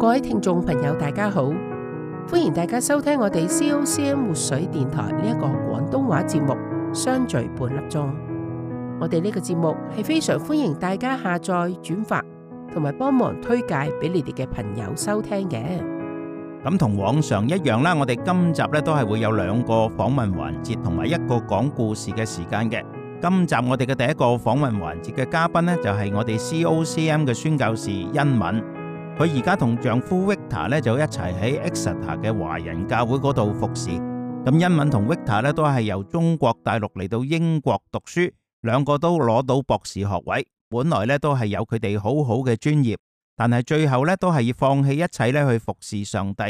各位聽眾朋友，大家好，歡迎大家收聽我哋 COCM 活水電台呢一個廣東話節目《相聚半粒鐘》。我哋呢個節目係非常歡迎大家下載、轉發同埋幫忙推介俾你哋嘅朋友收聽嘅。咁同往常一樣啦，我哋今集呢都係會有兩個訪問環節同埋一個講故事嘅時間嘅。今集我哋嘅第一個訪問環節嘅嘉賓呢就係我哋 COCM 嘅宣教士殷敏。佢而家同丈夫 Victor 呢就一齊喺 Exeter 嘅華人教會嗰度服侍。咁殷敏同 Victor 呢都係由中國大陸嚟到英國讀書，兩個都攞到博士學位。本來呢，都係有佢哋好好嘅專業，但係最後呢，都係要放棄一切呢去服侍上帝。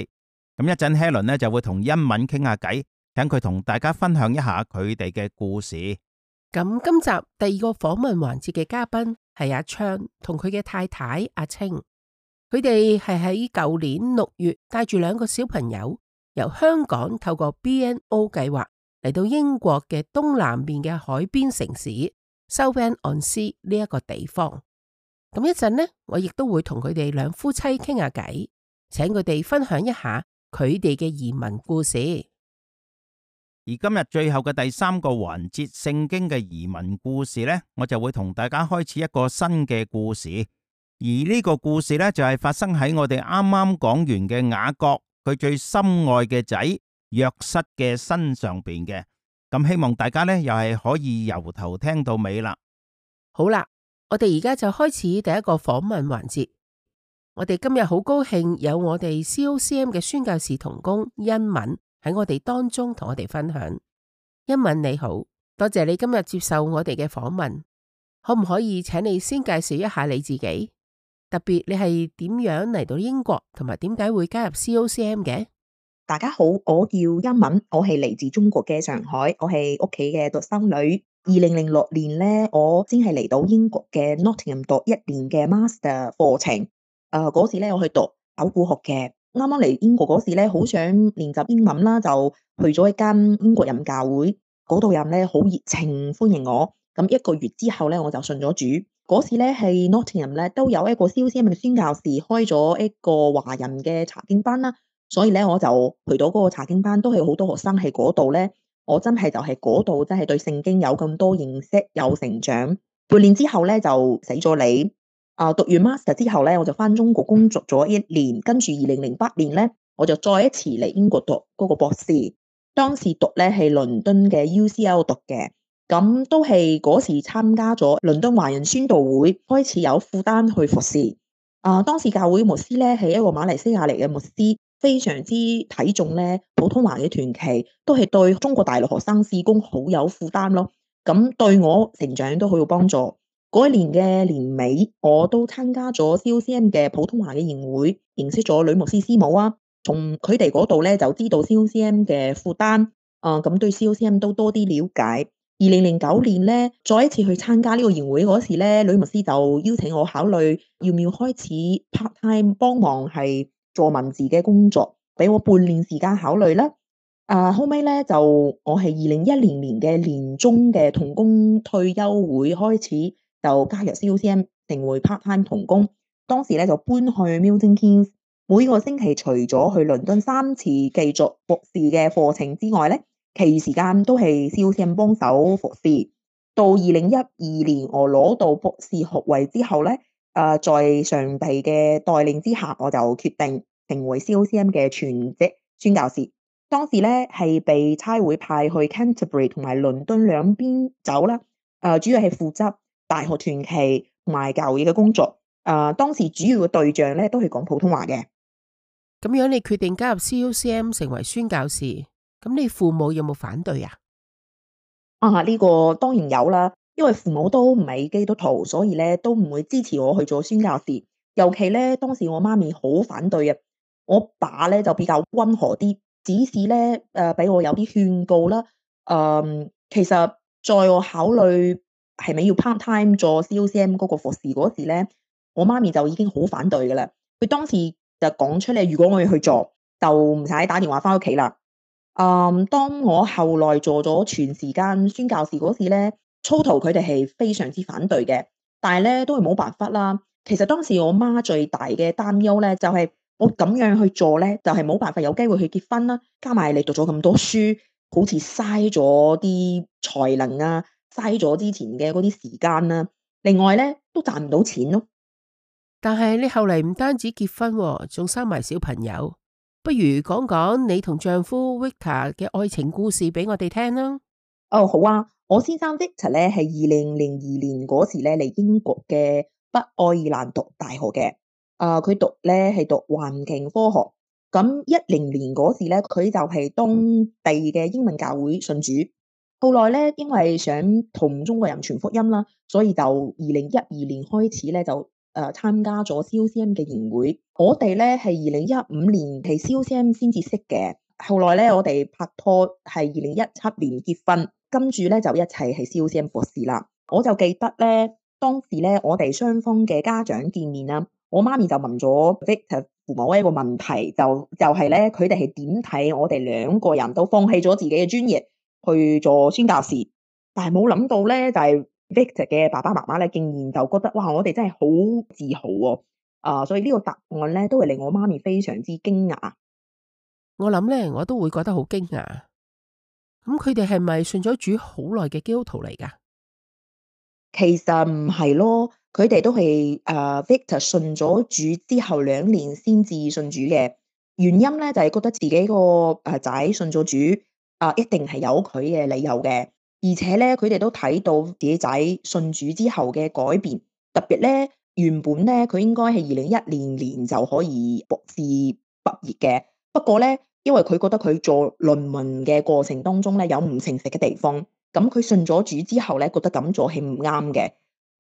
咁一陣 Helen 呢就會同殷敏傾下偈，等佢同大家分享一下佢哋嘅故事。咁今集第二個訪問環節嘅嘉賓係阿昌同佢嘅太太阿青。佢哋係喺舊年六月帶住兩個小朋友由香港透過 BNO 計劃嚟到英國嘅東南面嘅海邊城市 Southend-on-Sea 呢一個地方。咁一陣呢，我亦都會同佢哋兩夫妻傾下偈，請佢哋分享一下佢哋嘅移民故事。而今日最後嘅第三個環節，聖經嘅移民故事呢，我就會同大家開始一個新嘅故事。而呢個故事呢，就係、是、發生喺我哋啱啱講完嘅雅各佢最深愛嘅仔約瑟嘅身上邊嘅。咁、嗯、希望大家呢，又係可以由頭聽到尾啦。好啦，我哋而家就開始第一個訪問環節。我哋今日好高興有我哋 COCM 嘅宣教士同工殷敏喺我哋當中同我哋分享。殷敏你好，多謝你今日接受我哋嘅訪問。可唔可以請你先介紹一下你自己？特別你係點樣嚟到英國，同埋點解會加入 COCM 嘅？大家好，我叫殷敏，我係嚟自中國嘅上海，我係屋企嘅獨生女。二零零六年呢，我先係嚟到英國嘅 Nottingham 讀一年嘅 Master 課程。誒、呃，嗰時咧我去讀考古學嘅。啱啱嚟英國嗰時咧，好想練習英文啦，就去咗一間英國人教會。嗰度人咧好熱情歡迎我。咁一個月之後咧，我就信咗主。嗰時咧係 Nottingham 咧，都有一個 COCM 嘅宣教士開咗一個華人嘅查經班啦，所以咧我就去到嗰個查經班，都係好多學生喺嗰度咧，我真係就係嗰度真係對聖經有咁多認識有成長。半年之後咧就死咗你啊，讀完 master 之後咧我就翻中國工作咗一年，跟住二零零八年咧我就再一次嚟英國讀嗰個博士，當時讀咧係倫敦嘅 UCL 讀嘅。咁都係嗰時參加咗倫敦華人宣道會，開始有負擔去服侍。啊，當時教會牧師咧係一個馬來西亞嚟嘅牧師，非常之睇重咧普通話嘅團契，都係對中國大陸學生事工好有負擔咯。咁、啊、對我成長都好有幫助。嗰一年嘅年尾，我都參加咗 COCM 嘅普通話嘅宴會，認識咗女牧師師母啊。從佢哋嗰度咧就知道 COCM 嘅負擔。啊，咁對 COCM 都多啲了解。二零零九年咧，再一次去參加呢個研會嗰時咧，呂牧師就邀請我考慮要唔要開始 part time 幫忙係做文字嘅工作，俾我半年時間考慮啦。啊，後尾咧就我係二零一零年嘅年中嘅同工退休會開始就加入 COCM 成為 part time 同工，當時咧就搬去 Milton Keynes，每個星期除咗去倫敦三次繼續博士嘅課程之外咧。其餘時間都係 COCM 幫手服侍。到二零一二年，我攞到博士學位之後咧，誒、呃、在上帝嘅帶領之下，我就決定成為 COCM 嘅全職宣教士。當時咧係被差會派去 Canterbury 同埋倫敦兩邊走啦。誒、呃、主要係負責大學團契同埋教會嘅工作。誒、呃、當時主要嘅對象咧都係講普通話嘅。咁樣你決定加入 COCM 成為宣教士？咁你父母有冇反對啊？啊，呢個當然有啦，因為父母都唔係基督徒，所以咧都唔會支持我去做宣教士。尤其咧，當時我媽咪好反對啊。我爸咧就比較溫和啲，只是咧誒，俾我有啲勸告啦。誒、呃，其實在我考慮係咪要 part time 做 COCM 嗰個服侍嗰時咧，我媽咪就已經好反對噶啦。佢當時就講出嚟：如果我要去做，就唔使打電話返屋企啦。嗯，um, 當我後來做咗全時間宣教士嗰時咧，初頭佢哋係非常之反對嘅，但係咧都係冇辦法啦。其實當時我媽最大嘅擔憂咧，就係、是、我咁樣去做咧，就係、是、冇辦法有機會去結婚啦。加埋你讀咗咁多書，好似嘥咗啲才能啊，嘥咗之前嘅嗰啲時間啦、啊。另外咧都賺唔到錢咯。但係你後嚟唔單止結婚、哦，仲生埋小朋友。不如講講你同丈夫 Victor 嘅愛情故事俾我哋聽啦。哦，oh, 好啊，我先生 Victor 咧係二零零二年嗰時咧，嚟英國嘅北愛爾蘭讀大學嘅。啊，佢讀咧係讀環境科學。咁一零年嗰時咧，佢就係當地嘅英文教會信主。後來咧，因為想同中國人傳福音啦，所以就二零一二年開始咧就，誒、呃、參加咗 COCM 嘅年會，我哋咧係二零一五年係 COCM 先至識嘅。後來咧，我哋拍拖係二零一七年結婚，跟住咧就一齊係 COCM 博士啦。我就記得咧，當時咧我哋雙方嘅家長見面啦，我媽咪就問咗 Victor 父母一個問題，就就係咧佢哋係點睇我哋兩個人都放棄咗自己嘅專業去做宣教士，但係冇諗到咧，就係、是。Victor 嘅爸爸媽媽咧，竟然就覺得哇，我哋真係好自豪哦！啊，uh, 所以呢個答案咧，都會令我媽咪非常之驚訝。我諗咧，我都會覺得好驚訝。咁佢哋係咪信咗主好耐嘅基督徒嚟噶？其實唔係咯，佢哋都係誒、uh, Victor 信咗主之後兩年先至信主嘅。原因咧就係、是、覺得自己個誒仔信咗主啊，uh, 一定係有佢嘅理由嘅。而且咧，佢哋都睇到自己仔信主之後嘅改變，特別咧原本咧佢應該係二零一零年就可以博士畢業嘅，不過咧因為佢覺得佢做論文嘅過程當中咧有唔誠實嘅地方，咁佢信咗主之後咧覺得咁做係唔啱嘅，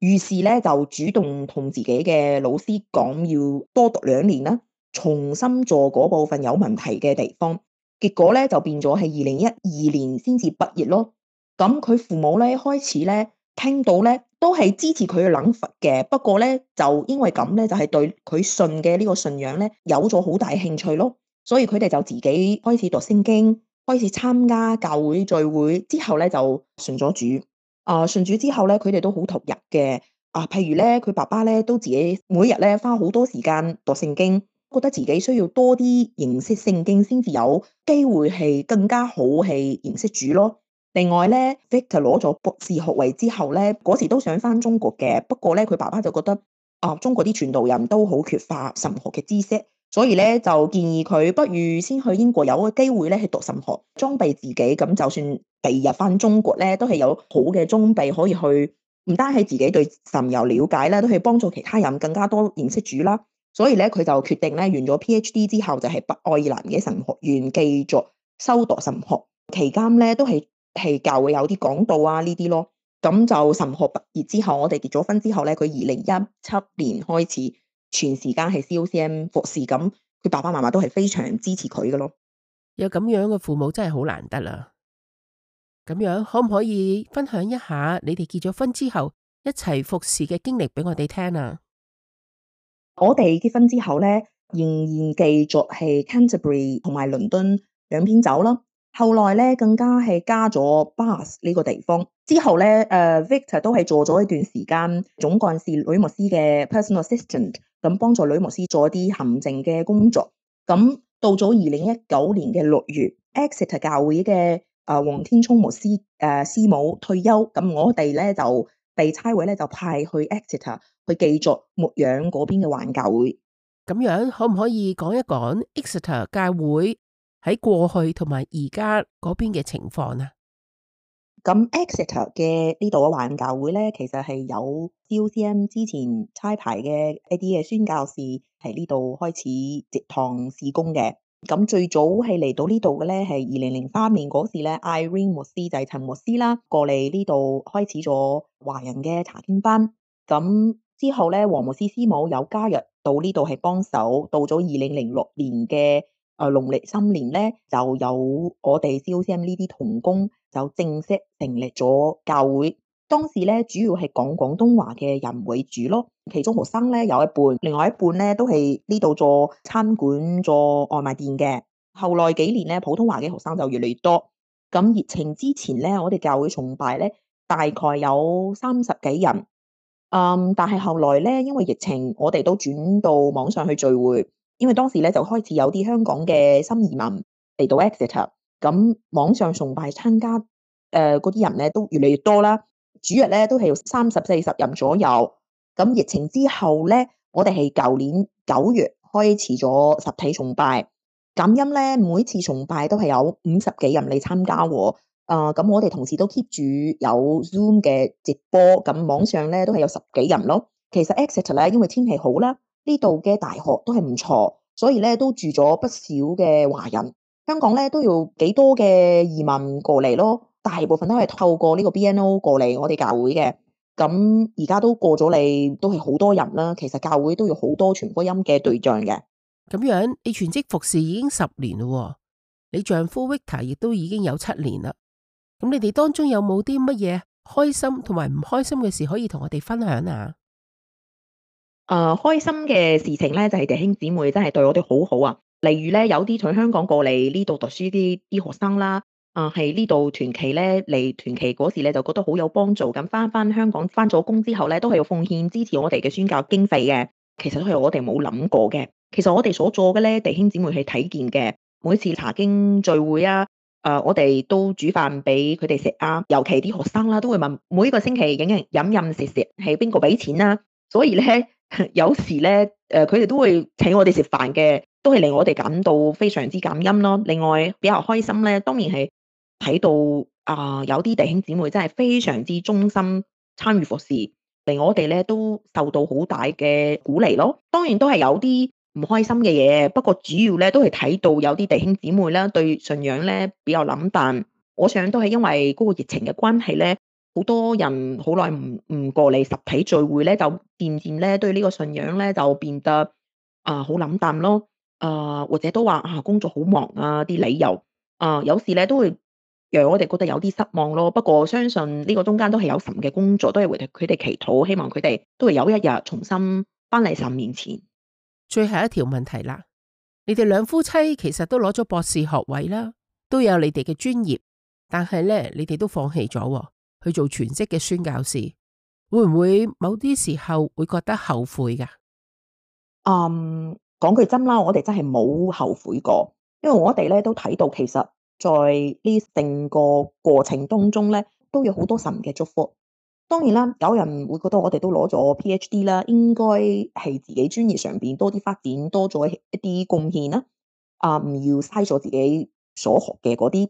於是咧就主動同自己嘅老師講要多讀兩年啦，重新做嗰部分有問題嘅地方，結果咧就變咗係二零一二年先至畢業咯。咁佢父母咧，開始咧聽到咧，都係支持佢嘅諗法嘅。不過咧，就因為咁咧，就係對佢信嘅呢個信仰咧，有咗好大興趣咯。所以佢哋就自己開始讀聖經，開始參加教會聚會。之後咧就信咗主。啊，信主之後咧，佢哋都好投入嘅。啊，譬如咧，佢爸爸咧都自己每日咧花好多時間讀聖經，覺得自己需要多啲認識聖經，先至有機會係更加好去認識主咯。另外咧，Victor 攞咗博士學位之後咧，嗰時都想翻中國嘅，不過咧，佢爸爸就覺得啊，中國啲傳道人都好缺乏神學嘅知識，所以咧就建議佢不如先去英國有個機會咧去讀神學，裝備自己，咁就算第二日翻中國咧都係有好嘅裝備可以去，唔單係自己對神有了解咧，都係幫助其他人更加多認識主啦。所以咧，佢就決定咧完咗 PhD 之後就係北愛爾蘭嘅神學院繼續修讀神學，期間咧都係。係教會有啲講道啊，呢啲咯，咁就神學畢業之後，我哋結咗婚之後咧，佢二零一七年開始全時間係 COCM 服侍。咁佢爸爸媽媽都係非常支持佢嘅咯。有咁樣嘅父母真係好難得啦！咁樣可唔可以分享一下你哋結咗婚之後一齊服侍嘅經歷俾我哋聽啊？我哋結婚之後咧，仍然繼續係 Canterbury 同埋倫敦兩邊走咯。後來咧，更加係加咗 Bus 呢個地方。之後咧，誒，Victor 都係做咗一段時間總幹事呂牧師嘅 personal assistant，咁幫助呂牧師做啲行政嘅工作。咁到咗二零一九年嘅六月，Exeter 教會嘅誒黃天聰牧師誒、呃、師母退休，咁我哋咧就被差會咧就派去 Exeter 去繼續牧養嗰邊嘅環教會。咁樣可唔可以講一講 Exeter 教會？喺過去同埋而家嗰邊嘅情況啦，咁 Exeter 嘅呢度嘅華人教會咧，其實係有 COCM 之前差派嘅一啲嘅宣教士喺呢度開始植堂事工嘅。咁最早係嚟到呢度嘅咧，係二零零三年嗰時咧，Irene 牧師就係陳牧師啦，過嚟呢度開始咗華人嘅查經班。咁之後咧，黃牧師師母有加入到呢度係幫手，到咗二零零六年嘅。啊，農曆新年咧就有我哋 COCM 呢啲同工就正式成立咗教會。當時咧主要係講廣東話嘅人為主咯，其中學生咧有一半，另外一半咧都係呢度做餐館、做外賣店嘅。後來幾年咧，普通話嘅學生就越嚟越多。咁疫情之前咧，我哋教會崇拜咧大概有三十幾人。嗯，但係後來咧，因為疫情，我哋都轉到網上去聚會。因為當時咧就開始有啲香港嘅新移民嚟到 Exeter 咁網上崇拜參加誒嗰啲人咧都越嚟越多啦，主日咧都係三十四十人左右。咁疫情之後咧，我哋係舊年九月開始咗實體崇拜，感恩咧每次崇拜都係有五十幾人嚟參加。誒、呃，咁我哋同時都 keep 住有 Zoom 嘅直播，咁網上咧都係有十幾人咯。其實 Exeter 咧因為天氣好啦。呢度嘅大學都係唔錯，所以咧都住咗不少嘅華人。香港咧都要幾多嘅移民過嚟咯，大部分都係透過呢個 BNO 過嚟我哋教會嘅。咁而家都過咗嚟，都係好多人啦。其實教會都有好多傳福音嘅對象嘅。咁樣你全職服侍已經十年啦，你丈夫 Victor 亦都已經有七年啦。咁你哋當中有冇啲乜嘢開心同埋唔開心嘅事可以同我哋分享啊？誒、呃、開心嘅事情呢，就係、是、弟兄姊妹真係對我哋好好啊！例如呢，有啲從香港過嚟呢度讀書啲啲學生啦，啊、呃、係呢度團契呢嚟團契嗰時咧，就覺得好有幫助咁。翻翻香港翻咗工之後呢，都係有奉獻支持我哋嘅宣教經費嘅。其實都係我哋冇諗過嘅。其實我哋所做嘅呢，弟兄姊妹係睇見嘅。每次查經聚會啊，誒、呃、我哋都煮飯俾佢哋食啊。尤其啲學生啦、啊，都會問每一個星期飲飲食食係邊個俾錢啦、啊。所以呢。 有時咧，誒、呃，佢哋都會請我哋食飯嘅，都係令我哋感到非常之感恩咯。另外比較開心咧，當然係睇到啊有啲弟兄姊妹真係非常之忠心參與服侍，令我哋咧都受到好大嘅鼓勵咯。當然都係有啲唔開心嘅嘢，不過主要咧都係睇到有啲弟兄姊妹咧，對信仰咧比較冷淡，我想都係因為嗰個疫情嘅關係咧。好多人好耐唔唔過嚟實體聚會咧，就漸漸咧對呢個信仰咧就變得啊好冷淡咯，啊、呃、或者都話啊工作好忙啊啲理由，啊、呃、有時咧都會讓我哋覺得有啲失望咯。不過相信呢個中間都係有神嘅工作，都係為佢哋祈禱，希望佢哋都係有一日重新翻嚟神面前。最後一條問題啦，你哋兩夫妻其實都攞咗博士學位啦，都有你哋嘅專業，但係咧你哋都放棄咗。去做全職嘅宣教士，會唔會某啲時候會覺得後悔？噶嗯，講句真啦，我哋真係冇後悔過，因為我哋咧都睇到其實，在呢成個過程當中咧，都有好多神嘅祝福。當然啦，有人會覺得我哋都攞咗 PhD 啦，應該係自己專業上面多啲發展，多咗一啲貢獻啦。啊，唔要嘥咗自己所學嘅嗰啲。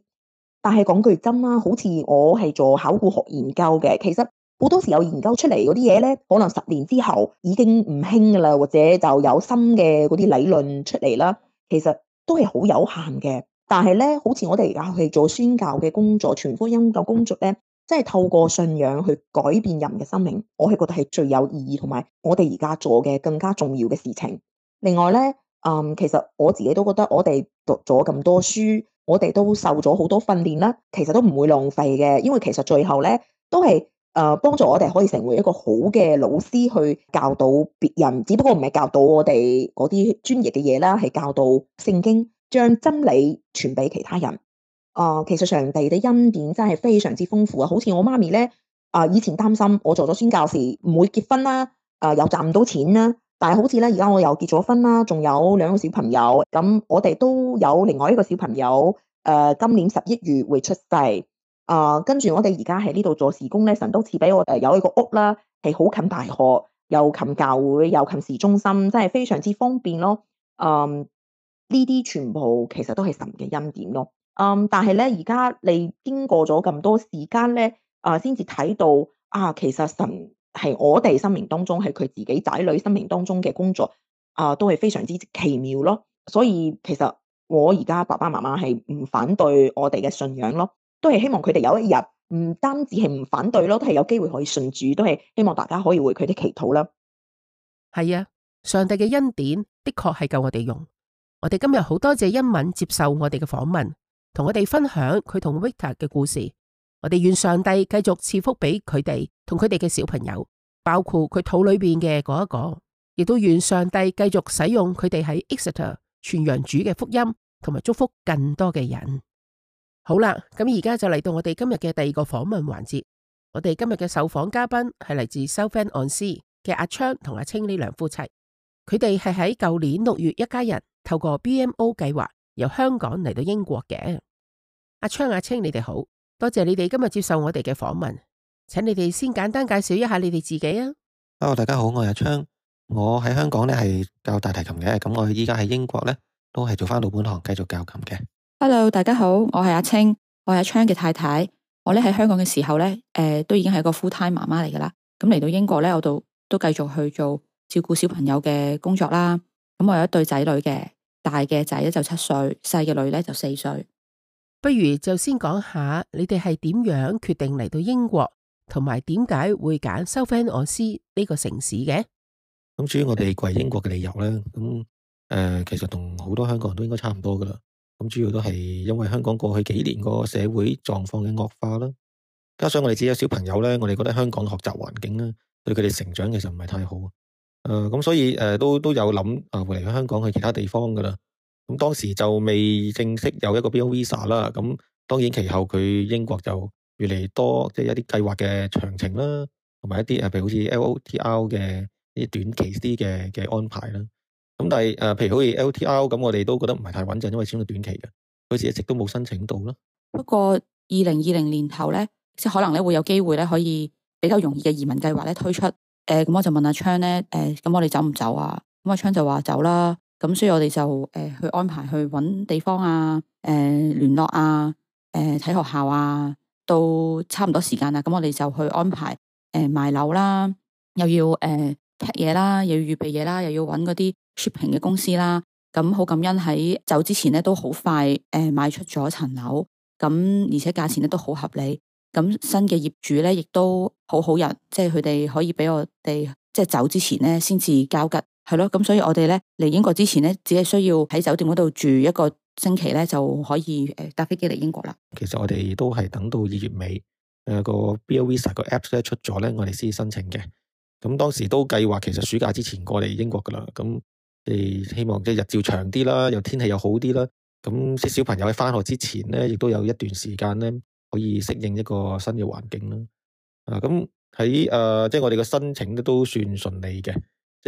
但係講句真啦、啊，好似我係做考古學研究嘅，其實好多時候研究出嚟嗰啲嘢咧，可能十年之後已經唔興噶啦，或者就有新嘅嗰啲理論出嚟啦。其實都係好有限嘅。但係咧，好似我哋而家去做宣教嘅工作、傳福音嘅工作咧，即係透過信仰去改變人嘅生命，我係覺得係最有意義同埋我哋而家做嘅更加重要嘅事情。另外咧，嗯，其實我自己都覺得我哋讀咗咁多書。我哋都受咗好多訓練啦，其實都唔會浪費嘅，因為其實最後咧都係誒、呃、幫助我哋可以成為一個好嘅老師去教導別人，只不過唔係教導我哋嗰啲專業嘅嘢啦，係教導聖經，將真理傳俾其他人。啊、呃，其實上帝嘅恩典真係非常之豐富啊，好似我媽咪咧啊、呃，以前擔心我做咗宣教士唔會結婚啦，啊、呃、又賺唔到錢啦。但係好似咧，而家我又結咗婚啦，仲有兩個小朋友，咁我哋都有另外一個小朋友，誒、呃，今年十一月會出世，啊、呃，跟住我哋而家喺呢度做事工咧，神都賜俾我哋有一個屋啦，係好近大學，又近教會，又近市中心，真係非常之方便咯。嗯、呃，呢啲全部其實都係神嘅恩典咯。嗯、呃，但係咧，而家你經過咗咁多時間咧，啊、呃，先至睇到啊，其實神。係我哋生命當中，係佢自己仔女生命當中嘅工作，啊，都係非常之奇妙咯。所以其實我而家爸爸媽媽係唔反對我哋嘅信仰咯，都係希望佢哋有一日唔單止係唔反對咯，都係有機會可以信主，都係希望大家可以為佢哋祈禱啦。係啊，上帝嘅恩典的確係夠我哋用。我哋今日好多謝殷敏接受我哋嘅訪問，同我哋分享佢同 Victor 嘅故事。我哋願上帝繼續賜福俾佢哋同佢哋嘅小朋友，包括佢肚裏邊嘅嗰一個，亦都願上帝繼續使用佢哋喺 Exeter 傳揚主嘅福音，同埋祝福更多嘅人。好啦，咁而家就嚟到我哋今日嘅第二個訪問環節。我哋今日嘅受訪嘉賓係嚟自 Southend-on-Sea 嘅阿昌同阿青呢兩夫妻。佢哋係喺舊年六月一家人透過 BNO 計劃由香港嚟到英國嘅。阿昌、阿青，你哋好。多謝你哋今日接受我哋嘅訪問，請你哋先簡單介紹一下你哋自己啊。Hello，大家好，我係阿昌，我喺香港咧係教大提琴嘅，咁我依家喺英國咧都係做翻老本行，繼續教琴嘅。Hello，大家好，我係阿青，我係阿昌嘅太太，我咧喺香港嘅時候咧，誒、呃、都已經係個 full time 媽媽嚟噶啦，咁嚟到英國咧，我度都繼續去做照顧小朋友嘅工作啦，咁我有一對仔女嘅，大嘅仔咧就七歲，細嘅女咧就四歲。不如就先講下你哋係點樣決定嚟到英國，同埋點解會揀 Southend-on-Sea 呢個城市嘅？咁至於我哋嚟英國嘅理由咧，咁誒、呃，其實同好多香港人都應該差唔多噶啦。咁主要都係因為香港過去幾年嗰個社會狀況嘅惡化啦，加上我哋自己有小朋友咧，我哋覺得香港嘅學習環境啦，對佢哋成長其實唔係太好。誒、呃，咁所以誒都、呃、都有諗啊，回嚟香港去其他地方噶啦。咁當時就未正式有一個 BNO Visa 啦，咁當然其後佢英國就越嚟越多即係、就是、一啲計劃嘅詳情啦，同埋一啲誒，譬如好似 L O T R 嘅呢啲短期啲嘅嘅安排啦。咁但係誒，譬、呃、如好似 L T R，咁我哋都覺得唔係太穩陣，因為始終係短期嘅，好似一直都冇申請到啦。不過二零二零年後咧，即係可能咧會有機會咧，可以比較容易嘅移民計劃咧推出。誒、呃，咁我就問阿昌咧，誒、呃，咁我哋走唔走啊？咁阿昌就話走啦。咁所以我哋就誒、呃、去安排去搵地方啊，誒、呃、聯絡啊，誒、呃、睇學校啊，到差唔多時間啦，咁我哋就去安排誒賣樓啦，又要誒劈嘢啦，又要預備嘢啦，又要搵嗰啲 shipping 嘅公司啦。咁好感恩喺走之前咧都好快誒賣出咗層樓，咁而且價錢咧都好合理，咁新嘅業主咧亦都好好人，即係佢哋可以俾我哋即係走之前咧先至交吉。係咯，咁所以我哋咧嚟英國之前咧，只係需要喺酒店嗰度住一個星期咧，就可以誒搭飛機嚟英國啦。其實我哋都係等到二月尾誒、那個 BNO Visa 個 apps 咧出咗咧，我哋先申請嘅。咁當時都計劃其實暑假之前過嚟英國噶啦，咁我希望即係日照長啲啦，又天氣又好啲啦。咁啲小朋友喺翻學之前咧，亦都有一段時間咧可以適應一個新嘅環境啦。啊，咁喺誒即係我哋嘅申請都算順利嘅。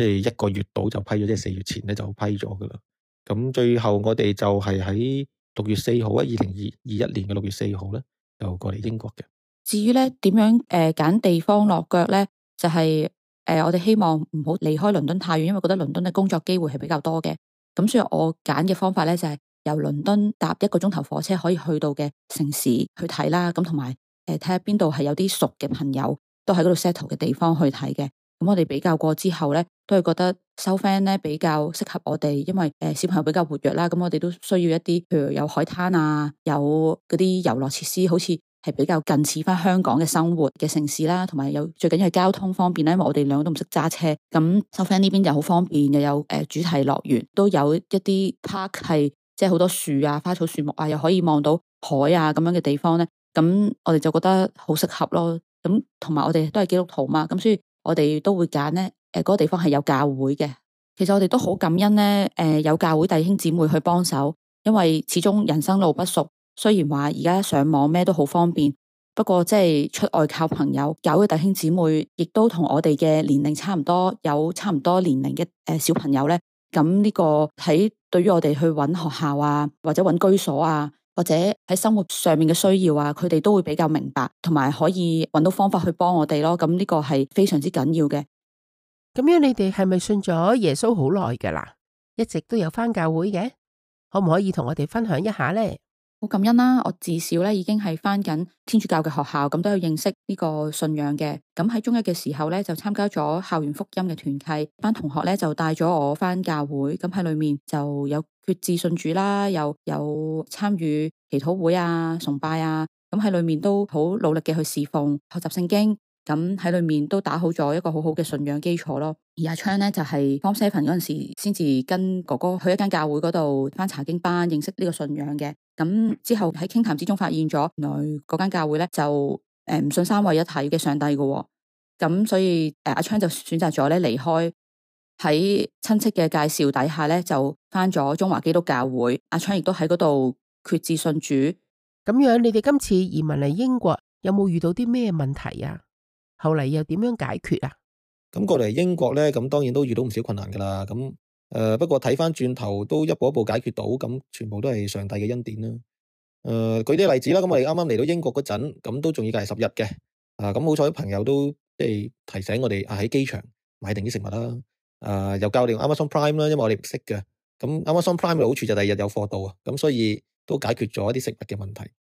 即係一個月到就批咗，即係四月前咧就批咗噶啦。咁最後我哋就係喺六月四號啊，二零二二一年嘅六月四號咧，就過嚟英國嘅。至於咧點樣誒揀、呃、地方落腳咧，就係、是、誒、呃、我哋希望唔好離開倫敦太遠，因為覺得倫敦嘅工作機會係比較多嘅。咁所以我揀嘅方法咧就係、是、由倫敦搭一個鐘頭火車可以去到嘅城市去睇啦。咁同埋誒睇下邊度係有啲、呃、熟嘅朋友都喺嗰度 settle 嘅地方去睇嘅。咁我哋比較過之後呢，都係覺得 Southend 比較適合我哋，因為誒、呃、小朋友比較活躍啦，咁我哋都需要一啲，譬如有海灘啊，有嗰啲遊樂設施，好似係比較近似翻香港嘅生活嘅城市啦，同埋有，有最緊要係交通方便呢，因為我哋兩個都唔識揸車，咁 Southend 呢邊就好方便，又有誒、呃、主題樂園，都有一啲 park 係即係好多樹啊、花草樹木啊，又可以望到海啊咁樣嘅地方呢。咁我哋就覺得好適合咯。咁同埋我哋都係基督徒嘛，咁所以。我哋都會揀呢誒、呃嗰個地方係有教會嘅。其實我哋都好感恩呢，誒、呃、有教會弟兄姊妹去幫手，因為始終人生路不熟。雖然話而家上網咩都好方便，不過即係出外靠朋友，教會弟兄姊妹亦都同我哋嘅年齡差唔多，有差唔多年齡嘅誒、呃、小朋友呢。咁呢個喺對於我哋去揾學校啊，或者揾居所啊。或者喺生活上面嘅需要啊，佢哋都會比較明白，同埋可以揾到方法去幫我哋咯。咁呢個係非常之緊要嘅。咁樣你哋係咪信咗耶穌好耐嘅啦？一直都有翻教會嘅，可唔可以同我哋分享一下咧？好感恩啦、啊！我至少咧已經係翻緊天主教嘅學校，咁都有認識呢個信仰嘅。咁喺中一嘅時候咧就參加咗校園福音嘅團契，班同學咧就帶咗我翻教會，咁喺裏面就有決志信主啦，又有，有參與祈禱會啊、崇拜啊，咁喺裏面都好努力嘅去侍奉、學習聖經。咁喺裏面都打好咗一個好好嘅信仰基礎咯。而阿昌咧就係 Form 7嗰陣時，先至跟哥哥去一間教會嗰度翻查經班，認識呢個信仰嘅。咁之後喺傾談之中發現咗，原來嗰間教會咧就誒唔信三位一體嘅上帝嘅。咁所以誒阿昌就選擇咗咧離開，喺親戚嘅介紹底下咧就翻咗中華基督教會。阿昌亦都喺嗰度決志信主。咁樣你哋今次移民嚟英國有冇遇到啲咩問題啊？後嚟又點樣解決啊？咁過嚟英國咧，咁當然都遇到唔少困難噶啦。咁誒、呃，不過睇翻轉頭都一步一步解決到，咁全部都係上帝嘅恩典啦。誒、呃，舉啲例子啦。咁我哋啱啱嚟到英國嗰陣，咁都仲要隔離十日嘅。啊，咁好彩朋友都即係提醒我哋啊，喺機場買定啲食物啦。誒、啊，又教用 Amazon Prime 啦，因為我哋唔識嘅。咁 Amazon Prime 嘅好處就第二日有貨到啊，咁所以都解決咗一啲食物嘅問題。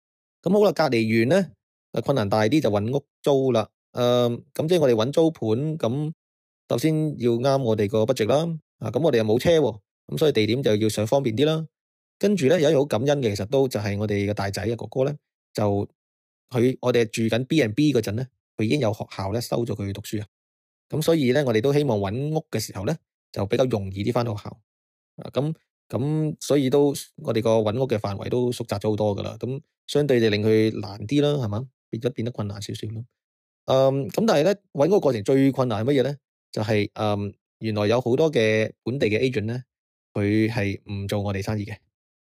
咁好啦，隔離完咧，困難大啲就揾屋租啦。誒，咁、呃、即係我哋揾租盤，咁首先要啱我哋個 budget 啦。啊，咁我哋又冇車，咁所以地點就要想方便啲啦。跟住咧，有一樣好感恩嘅，其實都就係我哋嘅大仔嘅哥哥咧，就佢我哋住緊 B and B 嗰陣咧，佢已經有學校咧收咗佢去讀書啊。咁所以咧，我哋都希望揾屋嘅時候咧，就比較容易啲翻學校。啊，咁咁所以都我哋個揾屋嘅範圍都縮窄咗好多噶啦。咁相對地令佢難啲啦，係嘛，變咗變得困難少少咯。嗯，咁但係咧揾嗰個過程最困難係乜嘢咧？就係、是、嗯，原來有好多嘅本地嘅 agent 咧，佢係唔做我哋生意嘅，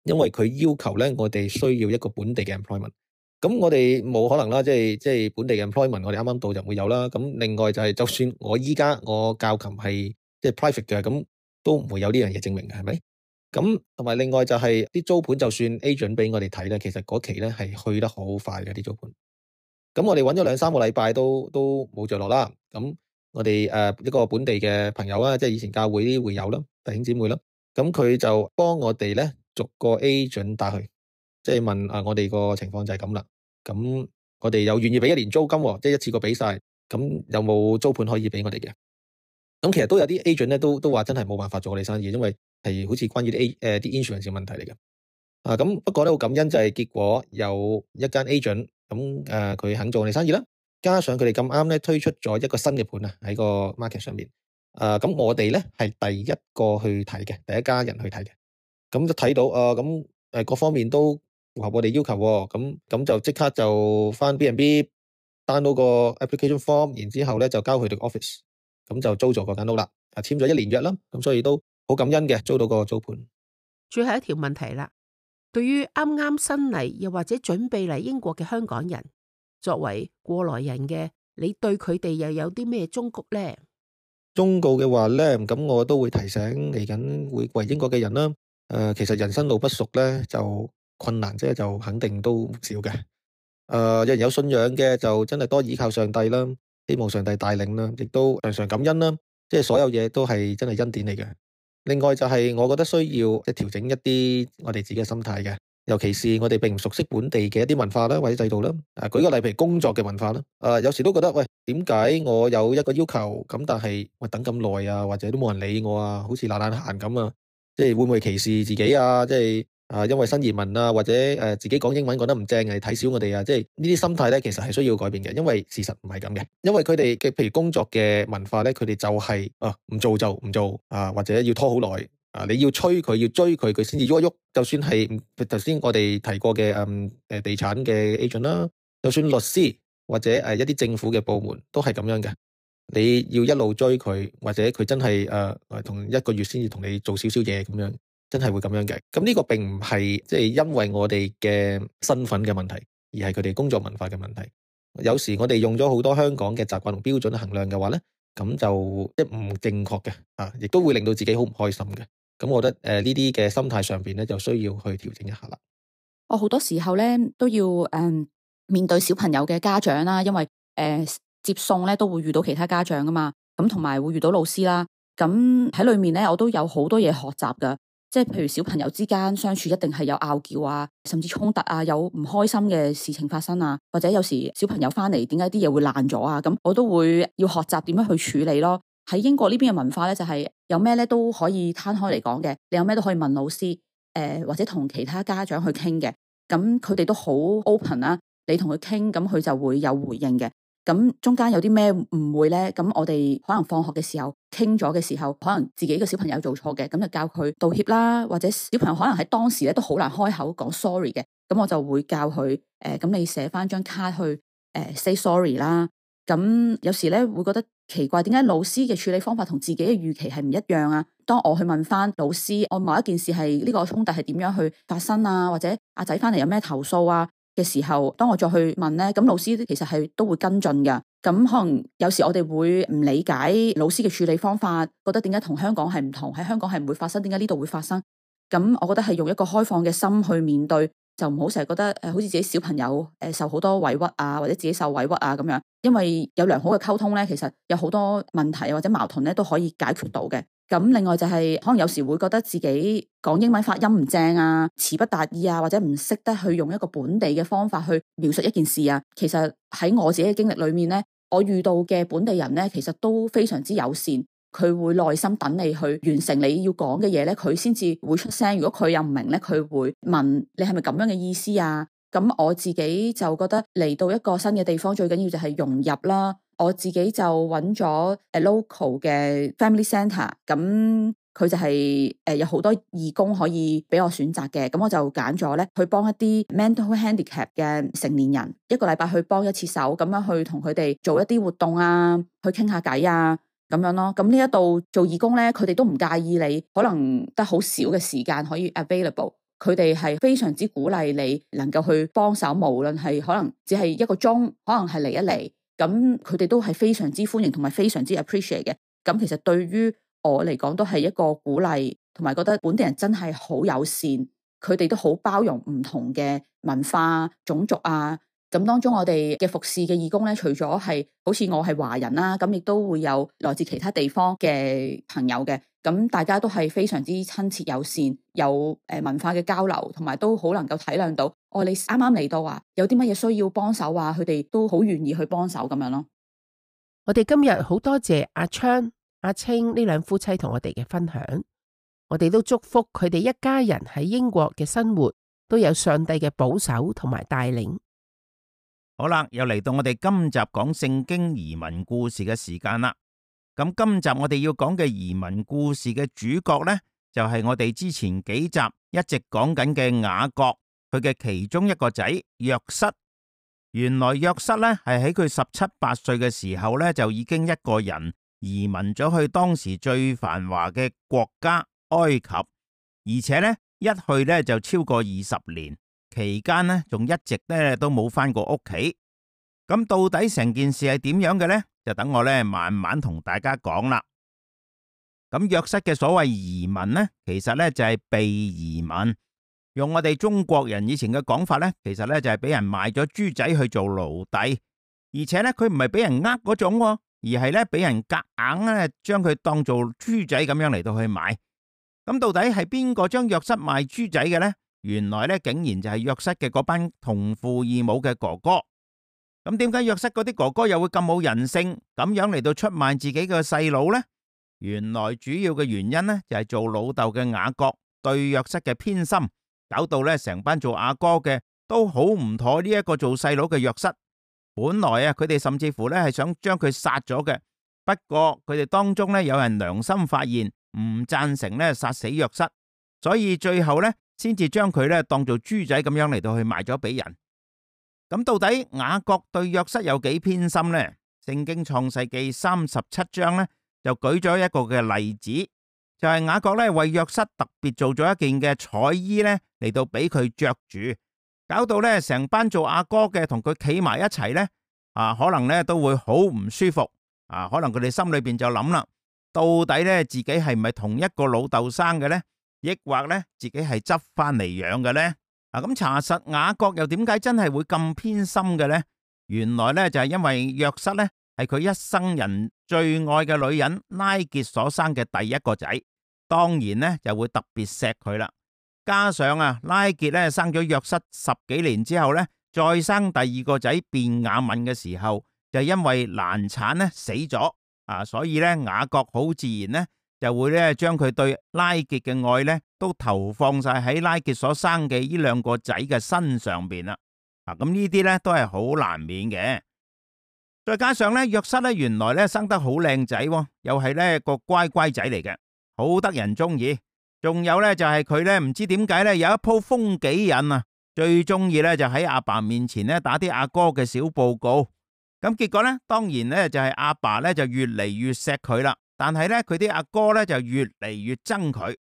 因為佢要求咧我哋需要一個本地嘅 employment。咁、嗯、我哋冇可能啦，即係即係本地嘅 employment，我哋啱啱到就唔會有啦。咁、嗯、另外就係、是、就算我依家我教琴係即係 private 嘅，咁、就是、都唔會有呢樣嘢證明嘅，係咪？咁同埋另外就係、是、啲租盤，就算 agent 俾我哋睇咧，其實嗰期咧係去得好快嘅啲租盤。咁我哋揾咗兩三個禮拜都都冇着落啦。咁我哋、呃、一個本地嘅朋友啊，即以前教會啲會友弟兄姐妹啦。咁佢就幫我哋咧逐個 agent 打去，即係問、呃、我哋個情況就係咁啦。咁我哋又願意俾一年租金，即一次過俾晒。咁有冇租盤可以俾我哋嘅？咁其實都有啲 agent 咧，都都話真係冇辦法做我哋生意，因為係好似關於啲 insurance、呃、問題嚟嘅。啊咁，不過咧好感恩就係結果有一間 agent 咁誒，佢肯做我哋生意啦，加上佢哋咁啱咧推出咗一個新嘅盤啊，喺個 market 上面，誒，咁我哋咧係第一個去睇嘅，第一家人去睇嘅，咁就睇到啊，咁誒各方面都符合我哋要求喎，咁咁就即刻就翻 B&Bdownload 個 application form，然之後咧就交佢哋 office，咁就租咗個間屋啦，啊，簽咗一年約啦，咁所以都好感恩嘅，租到個租盤。最後一條問題啦。對於啱啱新嚟又或者準備嚟英國嘅香港人，作為過來人嘅，你對佢哋又有啲咩忠告呢？忠告嘅話呢，咁我都會提醒嚟緊會嚟英國嘅人啦。誒，其實人生路不熟呢，就困難啫就肯定都唔少嘅。誒，有人有信仰嘅就真係多倚靠上帝啦，希望上帝帶領啦，亦都常常感恩啦，即係所有嘢都係真係恩典嚟嘅。另外就係，我覺得需要即係調整一啲我哋自己嘅心態嘅，尤其是我哋並唔熟悉本地嘅一啲文化或者制度啦。誒，舉個例，譬如工作嘅文化、呃、有時都覺得喂，點解我有一個要求咁，但係我等咁耐啊，或者都冇人理我啊，好似懶懶閒咁啊，即係會唔會歧視自己啊？即係。啊，因為新移民啊，或者誒自己講英文講得唔正，你睇少我哋啊，即係呢啲心態咧，其實係需要改變嘅。因為事實唔係咁嘅，因為佢哋嘅譬如工作嘅文化咧，佢哋就係、是、啊唔做就唔做啊，或者要拖好耐啊，你要催佢，要追佢，佢先至喐一喐。就算係頭先我哋提過嘅誒、嗯呃、地產嘅 agent 啦，就算律師或者誒一啲政府嘅部門都係咁樣嘅。你要一路追佢，或者佢真係誒同一個月先至同你做少少嘢咁樣。真係會咁樣嘅，咁呢個並唔係即係因為我哋嘅身份嘅問題，而係佢哋工作文化嘅問題。有時我哋用咗好多香港嘅習慣同標準衡量嘅話咧，咁就一唔正確嘅，啊，亦都會令到自己好唔開心嘅。咁我覺得誒、呃、呢啲嘅心態上邊咧，就需要去調整一下啦。我好多時候咧都要誒、嗯、面對小朋友嘅家長啦，因為誒、呃、接送咧都會遇到其他家長㗎嘛，咁同埋會遇到老師啦。咁喺裏面咧，我都有好多嘢學習噶。即係譬如小朋友之間相處一定係有拗撬啊，甚至衝突啊，有唔開心嘅事情發生啊，或者有時小朋友翻嚟點解啲嘢會爛咗啊，咁我都會要學習點樣去處理咯。喺英國呢邊嘅文化呢，就係有咩咧都可以攤開嚟講嘅，你有咩都可以問老師，誒或者同其他家長去傾嘅，咁佢哋都好 open 啦，你同佢傾，咁佢就會有回應嘅。咁中間有啲咩誤會呢？咁我哋可能放學嘅時候傾咗嘅時候，可能自己嘅小朋友做錯嘅，咁就教佢道歉啦。或者小朋友可能喺當時咧都好難開口講 sorry 嘅，咁我就會教佢誒。咁、呃、你寫翻張卡去誒、呃、say sorry 啦。咁有時咧會覺得奇怪，點解老師嘅處理方法同自己嘅預期係唔一樣啊？當我去問翻老師，我某一件事係呢、這個衝突係點樣去發生啊？或者阿仔翻嚟有咩投訴啊？嘅時候，當我再去問呢，咁老師其實係都會跟進嘅。咁可能有時我哋會唔理解老師嘅處理方法，覺得點解同香港係唔同？喺香港係唔會發生？點解呢度會發生？咁我覺得係用一個開放嘅心去面對，就唔好成日覺得誒，好似自己小朋友誒、呃、受好多委屈啊，或者自己受委屈啊咁樣。因為有良好嘅溝通呢，其實有好多問題或者矛盾呢，都可以解決到嘅。咁另外就係、是、可能有時會覺得自己講英文發音唔正啊，詞不達意啊，或者唔識得去用一個本地嘅方法去描述一件事啊。其實喺我自己嘅經歷裏面呢，我遇到嘅本地人呢，其實都非常之友善，佢會耐心等你去完成你要講嘅嘢呢，佢先至會出聲。如果佢又唔明呢，佢會問你係咪咁樣嘅意思啊。咁、嗯、我自己就覺得嚟到一個新嘅地方，最緊要就係融入啦。我自己就揾咗誒 local 嘅 family center 咁、嗯、佢就係、是、誒、呃、有好多義工可以俾我選擇嘅，咁、嗯、我就揀咗咧去幫一啲 mental handicap 嘅成年人一個禮拜去幫一次手，咁樣去同佢哋做一啲活動啊，去傾下偈啊，咁樣咯。咁呢一度做義工咧，佢哋都唔介意你可能得好少嘅時間可以 available，佢哋係非常之鼓勵你能夠去幫手，無論係可能只係一個鐘，可能係嚟一嚟。咁佢哋都係非常之歡迎，同埋非常之 appreciate 嘅。咁其實對於我嚟講，都係一個鼓勵，同埋覺得本地人真係好友善，佢哋都好包容唔同嘅文化、種族啊。咁當中我哋嘅服侍嘅義工咧，除咗係好似我係華人啦、啊，咁亦都會有來自其他地方嘅朋友嘅。咁大家都係非常之親切友善，有誒文化嘅交流，同埋都好能夠體諒到。我哋啱啱嚟到啊，有啲乜嘢需要幫手啊？佢哋都好願意去幫手咁樣咯。我哋今日好多謝阿昌、阿青呢兩夫妻同我哋嘅分享，我哋都祝福佢哋一家人喺英國嘅生活都有上帝嘅保守同埋帶領。 好啦，又嚟到我哋今集講聖經移民故事嘅時間啦。咁今集我哋要講嘅移民故事嘅主角呢，就係、是、我哋之前幾集一直講緊嘅雅各。佢嘅其中一個仔約瑟，原來約瑟咧係喺佢十七八歲嘅時候咧就已經一個人移民咗去當時最繁華嘅國家埃及，而且咧一去咧就超過二十年，期間呢仲一直咧都冇翻過屋企。咁到底成件事係點樣嘅咧？就等我咧慢慢同大家講啦。咁約瑟嘅所謂移民呢，其實咧就係被移民。用我哋中國人以前嘅講法呢，其實呢就係俾人賣咗豬仔去做奴隸，而且呢，佢唔係俾人呃嗰種，而係呢俾人夾硬咧將佢當做豬仔咁樣嚟到去賣。咁到底係邊個將約瑟賣豬仔嘅呢？原來呢竟然就係約瑟嘅嗰班同父異母嘅哥哥。咁點解約瑟嗰啲哥哥又會咁冇人性咁樣嚟到出賣自己嘅細佬呢？原來主要嘅原因呢，就係做老豆嘅雅各對約瑟嘅偏心。搞到咧，成班做阿哥嘅都好唔妥呢一個做細佬嘅約瑟。本來啊，佢哋甚至乎咧係想將佢殺咗嘅。不過佢哋當中咧有人良心發現，唔贊成咧殺死約瑟，所以最後咧先至將佢咧當做豬仔咁樣嚟到去賣咗俾人。咁到底雅各對約瑟有幾偏心呢？《聖經創世記》三十七章咧就舉咗一個嘅例子。就係雅各咧，為約瑟特別做咗一件嘅彩衣咧，嚟到俾佢着住，搞到咧成班做阿哥嘅同佢企埋一齊咧，啊，可能咧都會好唔舒服，啊，可能佢哋心裏邊就諗啦，到底咧自己係唔係同一個老豆生嘅咧，抑或咧自己係執翻嚟養嘅咧？啊，咁查實雅各又點解真係會咁偏心嘅咧？原來咧就係因為約瑟咧。係佢一生人最愛嘅女人拉杰所生嘅第一個仔，當然咧就會特別錫佢啦。加上啊，拉杰咧生咗約瑟十幾年之後咧，再生第二個仔便雅憫嘅時候，就因為難產咧死咗啊，所以咧雅各好自然咧就會咧將佢對拉杰嘅愛咧都投放晒喺拉杰所生嘅呢兩個仔嘅身上邊啦。啊，咁呢啲咧都係好難免嘅。再加上咧，約瑟咧，原來咧生得好靚仔，又係咧個乖乖仔嚟嘅，好得人中意。仲有咧就係佢咧，唔知點解咧有一鋪風紀癮啊！最中意咧就喺阿爸面前咧打啲阿哥嘅小報告。咁結果咧，當然咧就係阿爸咧就越嚟越錫佢啦。但係咧佢啲阿哥咧就越嚟越憎佢。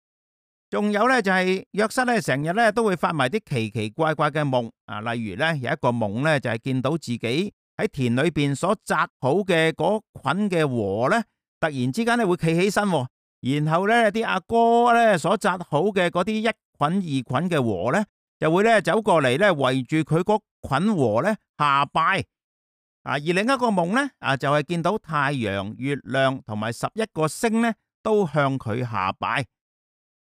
仲有咧就係約瑟咧，成日咧都會發埋啲奇奇怪怪嘅夢啊，例如咧有一個夢咧就係見到自己。喺田裏邊所紮好嘅嗰捆嘅禾咧，突然之間咧會企起身、哦，然後咧啲阿哥咧所紮好嘅嗰啲一捆二捆嘅禾咧，就會咧走過嚟咧圍住佢嗰捆禾咧下拜。啊，而另一個夢咧啊，就係、是、見到太陽、月亮同埋十一個星咧都向佢下拜。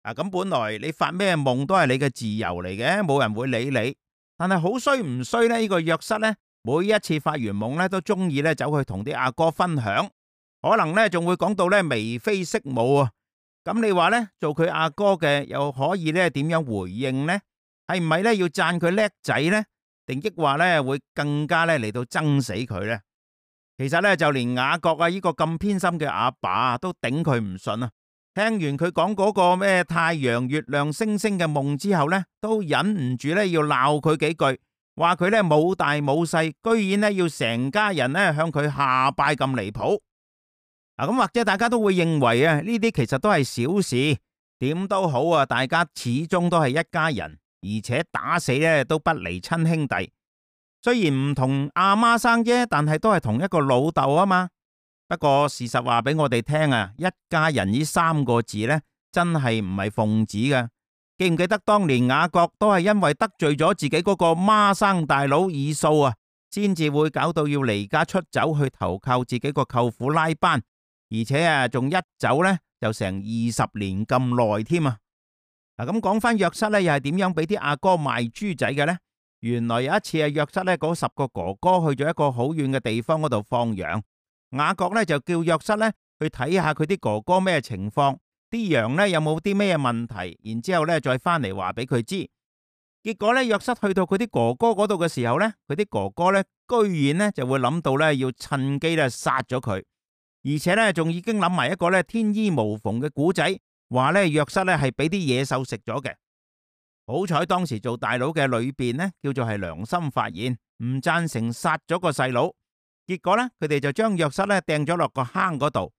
啊，咁本來你發咩夢都係你嘅自由嚟嘅，冇人會理你。但係好衰唔衰咧？這個、藥呢個約瑟咧？每一次發完夢咧，都中意咧走去同啲阿哥分享，可能咧仲會講到咧眉飛色舞啊！咁、嗯、你話咧，做佢阿哥嘅又可以咧點樣回應咧？係唔係咧要讚佢叻仔呢？定抑或咧會更加咧嚟到憎死佢呢？其實咧就連雅各啊呢個咁偏心嘅阿爸都頂佢唔順啊！聽完佢講嗰個咩太陽、月亮、星星嘅夢之後咧，都忍唔住咧要鬧佢幾句。話佢咧冇大冇細，居然咧要成家人咧向佢下拜咁離譜。啊咁，或者大家都會認為啊，呢啲其實都係小事，點都好啊，大家始終都係一家人，而且打死咧都不離親兄弟。雖然唔同阿媽生啫，但係都係同一個老豆啊嘛。不過事實話俾我哋聽啊，一家人呢三個字咧，真係唔係奉旨嘅。記唔記得當年雅各都係因為得罪咗自己個孖生大佬以掃，先至會搞到要離家出走，去投靠自己個舅父拉班，而且呀，仲一走呢就成20啲羊咧有冇啲咩問題？然之後咧再翻嚟話俾佢知。結果咧，約瑟去到佢啲哥哥嗰度嘅時候咧，佢啲哥哥咧居然咧就會諗到咧要趁機咧殺咗佢，而且咧仲已經諗埋一個咧天衣無縫嘅古仔，話咧約瑟咧係俾啲野獸食咗嘅。好彩當時做大佬嘅裏邊呢叫做係良心發現，唔贊成殺咗個細佬。結果咧，佢哋就將約瑟咧掟咗落個坑嗰度。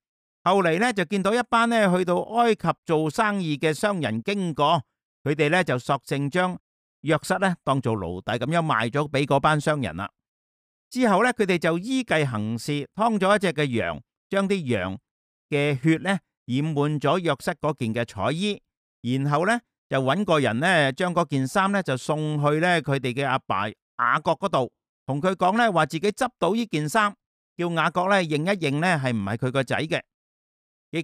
後嚟咧就見到一班咧去到埃及做生意嘅商人經過，佢哋咧就索性將約瑟咧當做奴隸咁樣賣咗俾嗰班商人啦。之後咧佢哋就依計行事，劏咗一隻嘅羊，將啲羊嘅血咧染滿咗約瑟嗰件嘅彩衣，然後咧就揾個人咧將嗰件衫咧就送去咧佢哋嘅阿爸雅各嗰度，同佢講咧話自己執到呢件衫，叫雅各咧認一認咧係唔係佢個仔嘅。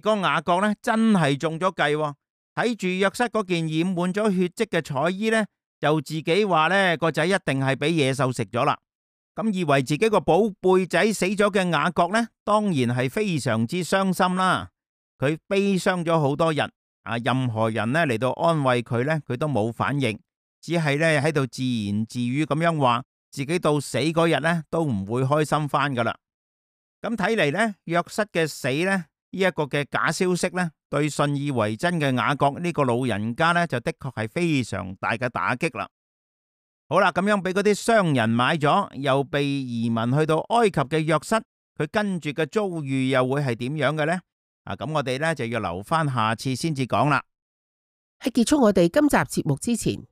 結果雅各咧真係中咗計，睇住約瑟嗰件染滿咗血跡嘅彩衣呢，就自己話呢個仔一定係俾野獸食咗啦。咁以為自己個寶貝仔死咗嘅雅各呢，當然係非常之傷心啦。佢悲傷咗好多日，啊任何人咧嚟到安慰佢呢，佢都冇反應，只係呢喺度自言自語咁樣話，自己到死嗰日呢，都唔會開心翻噶啦。咁睇嚟呢，約瑟嘅死呢。呢一個嘅假消息呢，對信以為真嘅雅各呢個老人家呢，就的確係非常大嘅打擊啦。好啦，咁樣俾嗰啲商人買咗，又被移民去到埃及嘅約瑟，佢跟住嘅遭遇又會係點樣嘅呢？啊，咁我哋呢就要留翻下次先至講啦。喺結束我哋今集節目之前，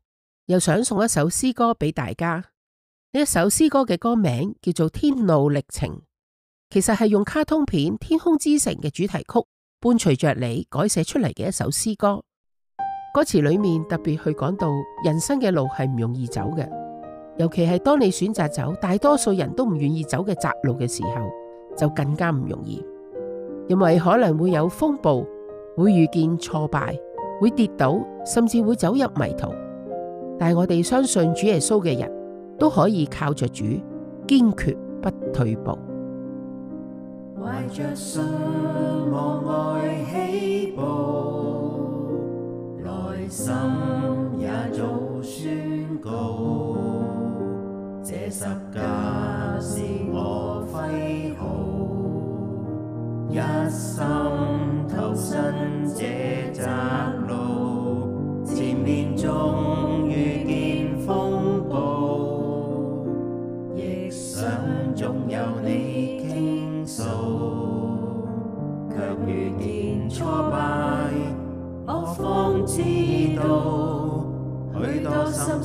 又想送一首詩歌俾大家。呢一首詩歌嘅歌名叫做《天路歷程》。其實係用卡通片《天空之城》嘅主題曲伴隨着你改寫出嚟嘅一首詩歌。歌詞裏面特別去講到人生嘅路係唔容易走嘅，尤其係當你選擇走大多數人都唔願意走嘅窄路嘅時候，就更加唔容易。因為可能會有風暴，會遇見挫敗，會跌倒，甚至會走入迷途。但係我哋相信主耶穌嘅人都可以靠着主，堅決不退步。懷着信望愛起步，內心也早宣告，這十架是我徽號，一心投身這窄路，前面中。